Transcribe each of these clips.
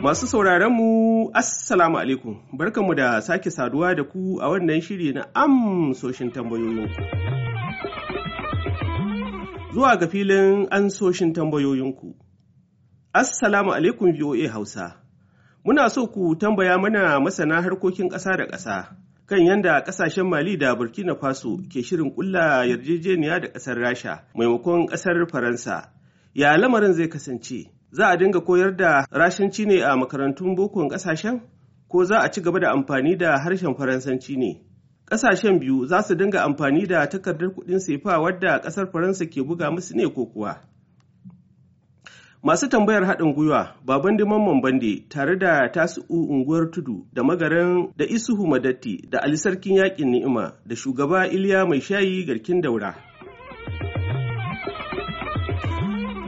Masu sauraron mu Assalamu alaikum, barkanmu da sake saduwa da ku a wannan shiri na amsoshin tambayoyinku. Zuwa ga filin ansoshin tambayoyinku. Assalamu alaikum VOA Hausa. Muna so ku tambaya mana masana harkokin ƙasa da ƙasa kan yadda ƙasashen Mali da Burkina Faso ke shirin ƙulla yarjejeniya da ƙasar Rasha maimakon ƙasar Faransa. Ya lamarin zai kasance? Za a dinga koyar da rashanci ne a makarantun bokon ƙasashen? Ko za a ci gaba da amfani da harshen Faransanci ne? Ƙasashen biyu za su dinga amfani da takardar kuɗin sefa wadda ƙasar Faransa ke buga musu ne ko kuwa? Masu tambayar haɗin gwiwa Babandi Mamman Bande tare da tasu Unguwar Tudu da Magaran da Isuhu Madatti da alisarkin Yaƙin Ni'ima da shugaba Iliya Mai Shayi Garkin Daura.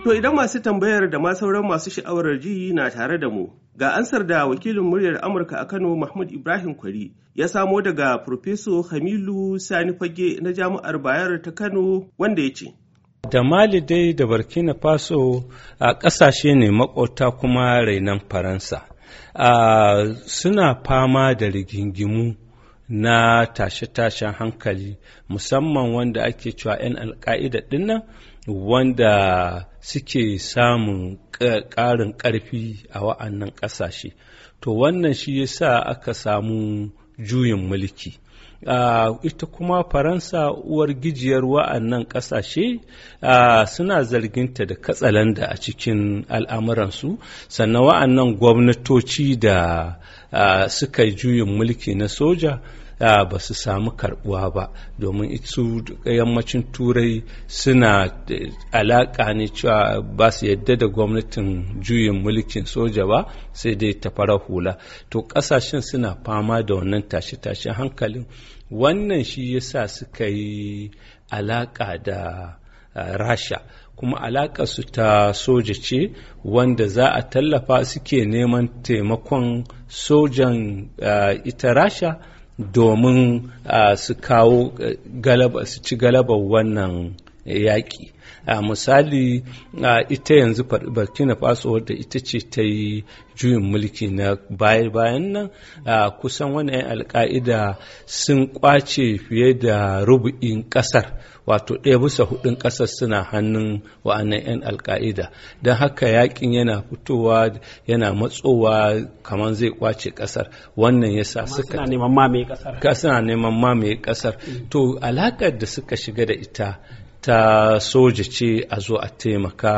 To idan masu tambayar da ma sauran masu sha'awar ji na tare da mu, ga ansar da wakilin muryar Amurka a Kano Mahmud Ibrahim Kwari ya samo daga Profeso Hamilu Sani Fage na Jami'ar Bayar ta Kano wanda ya ce. Da Mali dai da Burkina Faso a ƙasashe ne maƙota kuma rainan Faransa. Uh, suna fama da rigingimu na tashe-tashen hankali musamman wanda ake cewa 'yan alka'ida dinnan wanda suke samun ƙarin ƙarfi a wa'annan ƙasashe to wannan shi ya sa aka samu juyin mulki Uh, ita kuma faransa uwar gijiyar wa'annan ƙasashe uh, suna zarginta da katsalanda a cikin al'amuransu sannan wa'annan gwamnatoci da uh, suka juyin mulki na soja ba su samu karbuwa ba domin su yammacin turai suna alaka ne cewa ba su yadda da gwamnatin juyin mulkin soja ba sai dai ta fara hula to kasashen suna fama da wannan tashe-tashen hankalin wannan shi ya sa suka yi alaka da eh, rasha kuma su ta soja ce wanda za a tallafa suke neman taimakon sojan eh, ita rasha domin ah, su kawo eh, galaba su ci galabar wannan yaƙi a misali ita yanzu burkina faso wadda ita ce ta yi juyin mulki na bayan nan kusan wani 'yan alka'ida sun kwace fiye da rubu'in ƙasar wato ɗaya bisa hudun ƙasar suna hannun wa'annan 'yan alka'ida don haka yaƙin yana fitowa yana matsowa kamar zai kwace ƙasar wannan ya sa suka suna neman mamaye ƙasar mm. to alakar da suka shiga da ita ta soja ce a zo a taimaka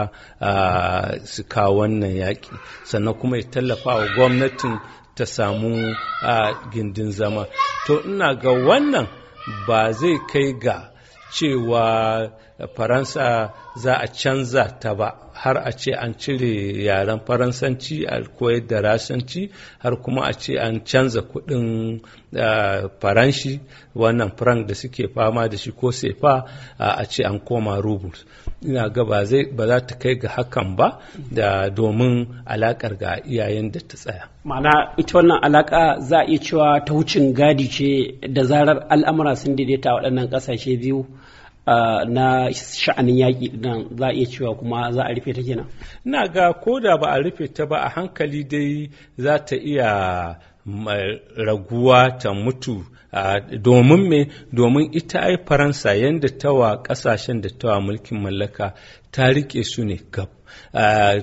su kawo wannan yaƙi sannan kuma ya tallafa wa gwamnatin ta samu gindin zama to ina ga wannan ba zai kai ga cewa faransa za a canza ta ba har a ce an cire yaren faransanci a koyar da rasanci har kuma a ce an canza kudin faranshi wannan frank da suke fama da shi ko sefa a ce an koma rubles ina ga ba za ta kai ga hakan ba da domin alakar ga iyayen da ta tsaya ma'ana ita wannan alaka za a iya cewa ta wucin gadi ce da zarar al'amura sun daidaita waɗannan ƙasashe biyu na sha'anin yaƙi nan za a iya cewa kuma za a rufe ta kenan na ga ko da ba a rufe ta ba a hankali dai za ta iya mm, raguwa ta mutu domin me domin ita ai faransa yadda tawa ƙasashen da tawa mulkin mallaka ta riƙe su ne gab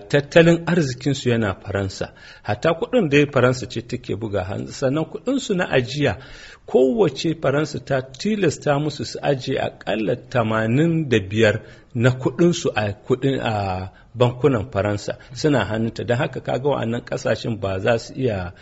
tattalin arzikinsu yana faransa hatta kuɗin dai faransa ce take buga hannu sannan kuɗinsu na ajiya kowace faransa ta tilasta musu su ajiye aƙalla tamanin da biyar na kuɗinsu a kuɗin a bankunan faransa suna hannunta don haka kaga wa'annan ƙasashen ba za su iya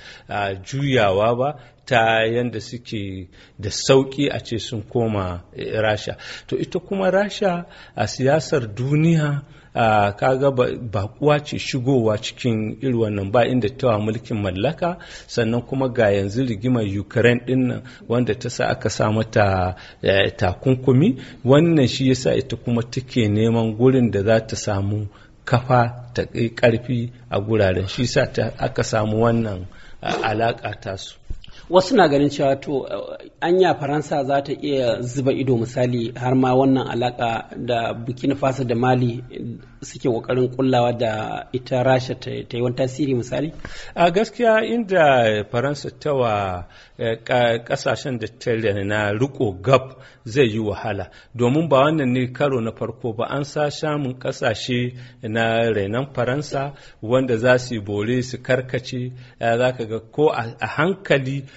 juyawa ba ta yadda suke da sauƙi a ce sun koma eh, rasha to ita kuma rasha a siyasar duniya Ah, kaga bakuwa ce shigowa cikin irin wannan ba inda tawa mulkin mallaka sannan kuma ga yanzu rigimar ukraine din wanda ta sa aka sa mata eh, takunkumi wannan shi yasa ita kuma take neman gurin da za ta samu kafa ta karfi a guraren shi sa aka samu wannan ah, alaƙa tasu wasu na ganin cewa to eh, anya faransa za ta iya zuba ido misali har ma wannan alaka da burkina faso da mali eh, suke kokarin kullawa da ita rasha ta yi wani tasiri misali a gaskiya inda faransa ta wa eh, kasashen da ta na riko gab zai yi wahala domin ba wannan ne karo na farko ba an sa samun kasashe na renan faransa wanda za su yi bore su karkace za ka ga ko a hankali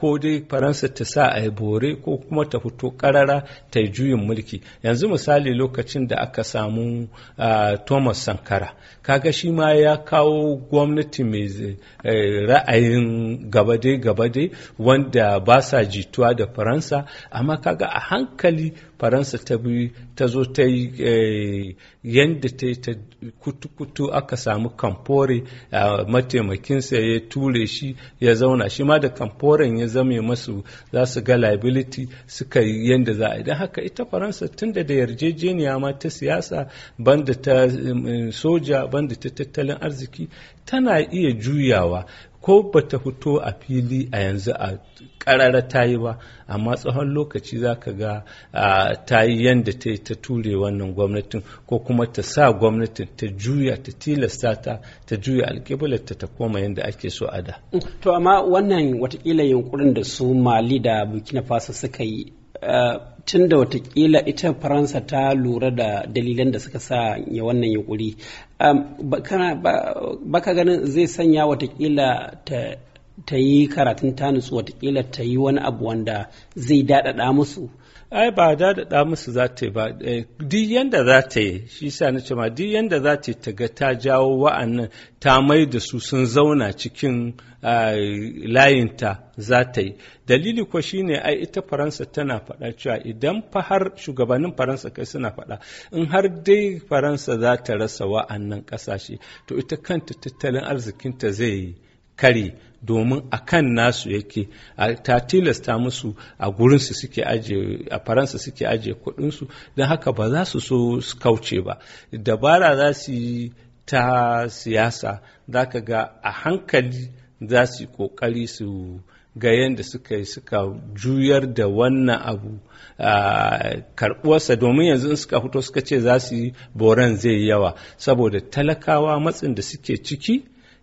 ko dai faransa ta sa a yi bore ko kuma ta fito karara ta yi juyin mulki yanzu misali lokacin da aka samu thomas sankara kaga shi ma ya kawo gwamnati mai eh, ra'ayin gabade-gabade wanda ba sa jituwa da faransa amma kaga a hankali faransa ta bi ta zo ta yi eh, yadda ta yi ta kutu-kutu aka samu kamfore mataimakinsa ya ture shi ya zauna shi ma da kamforen ya zame masu za su ga liability suka yi yadda za a idan haka ita faransa tun da yarjejeniya ma ta siyasa banda ta um, soja banda ta tattalin arziki tana iya juyawa ko ba ta fito a fili a yanzu a karara ta yi ba amma tsawon lokaci za ka ga ta yi yadda ta yi ta ture wannan gwamnatin ko kuma ta sa gwamnatin ta juya ta tilasta ta ta juya alƙiblarta ta koma yadda ake so a da. Mm, to amma wannan watakila yunkurin da su mali da burkina faso suka yi tun da watakila ita faransa ta lura da dalilan da suka sa wannan yunkuri Um, ba ka ganin zai sanya watakila ta ta yi karatun tanus nutsu watakila ta yi wani abu wanda zai daɗaɗa musu ai ba daɗaɗa musu za ta yi ba eh, duk yadda za ta yi shi sa na ce ma duk yadda za ta yi ta ga ta jawo wa'annan ta mai da su sun zauna cikin layinta za ta yi dalili ko ne ai ita faransa tana faɗa cewa idan fa shugabannin faransa kai suna faɗa in har dai faransa za ta rasa wa'annan ƙasashe to ita kanta tattalin arzikinta zai yi kare domin a kan nasu yake ta tilasta musu a gurinsu suke aje a faransa suke aje kudinsu don haka ba za su so su kauce ba dabara za su yi ta siyasa za ka ga a hankali za su yi kokari su ga yadda suka yi suka juyar da wannan abu karbuwarsa domin yanzu suka fito suka ce za su yi boran zai yawa saboda talakawa matsin da suke ciki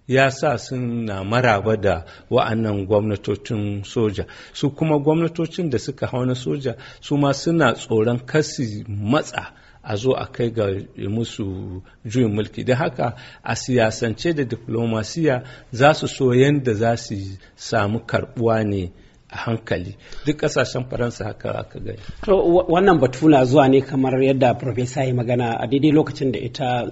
ya sa suna maraba da wa'annan gwamnatocin soja su kuma gwamnatocin da suka hau na soja su ma suna tsoron kasi matsa a zo a kai ga musu juyin mulki da haka a siyasance da diplomasiya za su so yadda za su samu karbuwa ne a hankali duk kasashen faransa haka aka gani to wannan batu na zuwa ne kamar yadda profesa ya magana a daidai lokacin da ita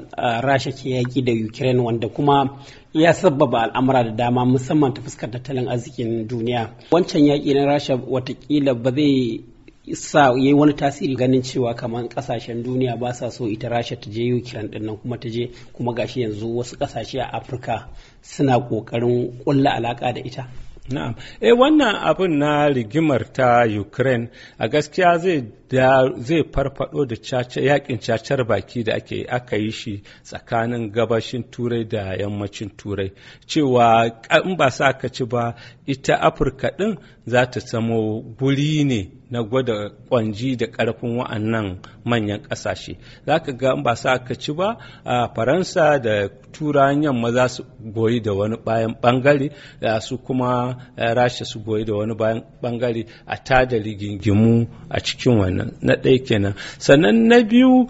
rasha ke yaki da ukraine wanda kuma ya sabbaba al'amura da dama musamman ta fuskar tattalin arzikin duniya wancan yaƙi na rasha watakila ba zai sa yi wani tasiri ganin cewa kamar kasashen duniya ba sa so ita rasha ta je ukraine din kuma ta je kuma gashi yanzu wasu kasashe a afirka suna kokarin kulla alaka da ita Na'am, eh wannan abin na rigimar ta Ukraine a gaskiya zai farfado da yakin cacar baki da ake aka yi shi tsakanin gabashin turai da yammacin turai cewa in ba sa ka ci ba ita Afirka ɗin za ta samo guri ne na gwada kwanji da karfin wa'annan manyan kasashe za ka ga ba sa ka ci ba a faransa da turawan yamma za su goyi da wani bayan bangare su kuma rasha su goyi da wani bayan bangare a tada rigingimu a cikin wannan na ɗaya kenan sannan na biyu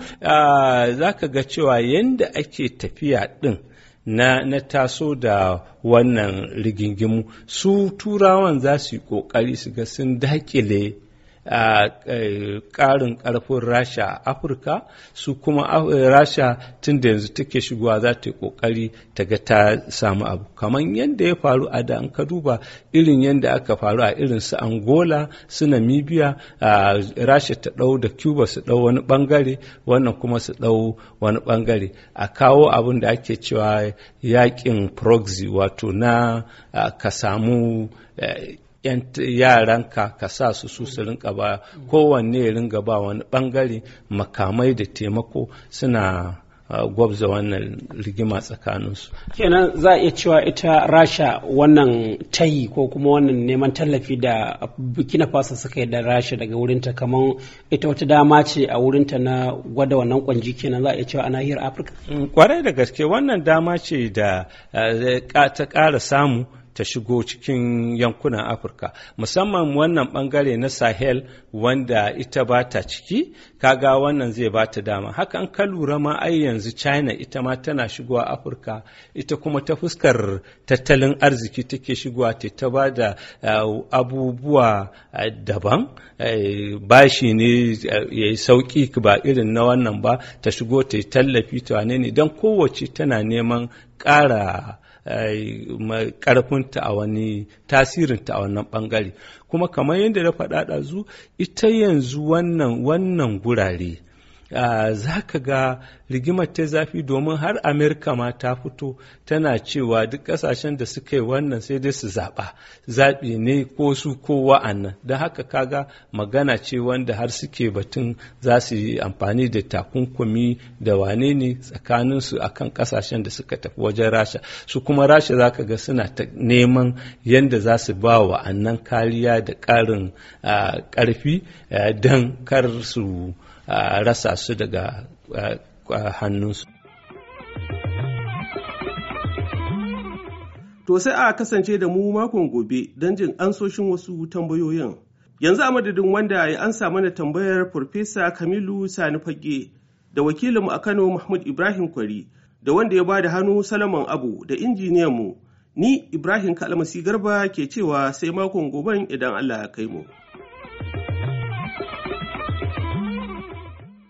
za ka ga cewa yadda ake tafiya ɗin na, taso da wannan rigingimu su turawan za su yi ƙoƙari su ga sun dakile ƙarin ƙarfin rasha a afirka su kuma rasha tun da yanzu take shigowa za ta yi ƙoƙari ta ga ta samu abu kamar yadda ya faru a da an ka duba irin yadda aka faru a irin su angola su namibia rasha ta ɗau da cuba su ɗau wani ɓangare wannan kuma su ɗau wani ɓangare a kawo abin da ake cewa yaƙin proxy wato na ka samu eh, yaranka ka sa su su su rinka ba kowanne ringa ba wani bangare makamai da taimako suna ah, gwabza wannan rigima tsakaninsu. kenan za a iya cewa ita rasha wannan tayi ko kuma wannan neman tallafi da burkina faso suka yi da rasha daga wurinta kamar ita wata dama ce a wurinta na gwada wannan kwanji kenan za a iya cewa a nahiyar afirka kwarai mm, da gaske wannan dama ce da ah, eh, ta ƙara samu ta shigo cikin yankunan afirka musamman wannan bangare na sahel wanda ita ba ta ciki kaga wannan zai ba ta dama haka an ka lura ma ai yanzu china ita ma tana shigowa afirka ita kuma ta fuskar tattalin arziki take shigowa ta ta ba da eh, abubuwa eh, daban eh, bashi ne ya yi sauki ba irin na wannan ba ta shigo ta yi tallafi ta ne don kowace tana neman ƙara karfinta eh, a wani tasirinta a wannan bangare kuma kamar yadda na faɗa ɗazu ita yanzu wannan wannan gurare za ka ga rigimar ta zafi domin har amerika ma ta fito tana cewa duk kasashen da suka yi wannan sai dai su zaɓa zaɓi ne ko su ko wa'annan don haka kaga magana ce wanda har suke batun za su yi amfani da takunkumi da wane ne tsakaninsu a kan kasashen da suka tafi wajen rasha su kuma rasha za ka ga suna ta neman yadda za su ba wa'annan kariya da ƙarin ƙarfi eh, don kar su A rasa su daga hannunsu To sai a kasance da mu makon gobe don jin ansoshin wasu tambayoyin. Yanzu a madadin wanda ya ansa mana tambayar Farfesa Kamilu Sani Fage da wakilinmu a Kano Mahmud Ibrahim Kwari da wanda ya ba da hannu Salaman Abu da mu ni Ibrahim Kalmasi Garba ke cewa sai makon goben idan Allah ya kai mu.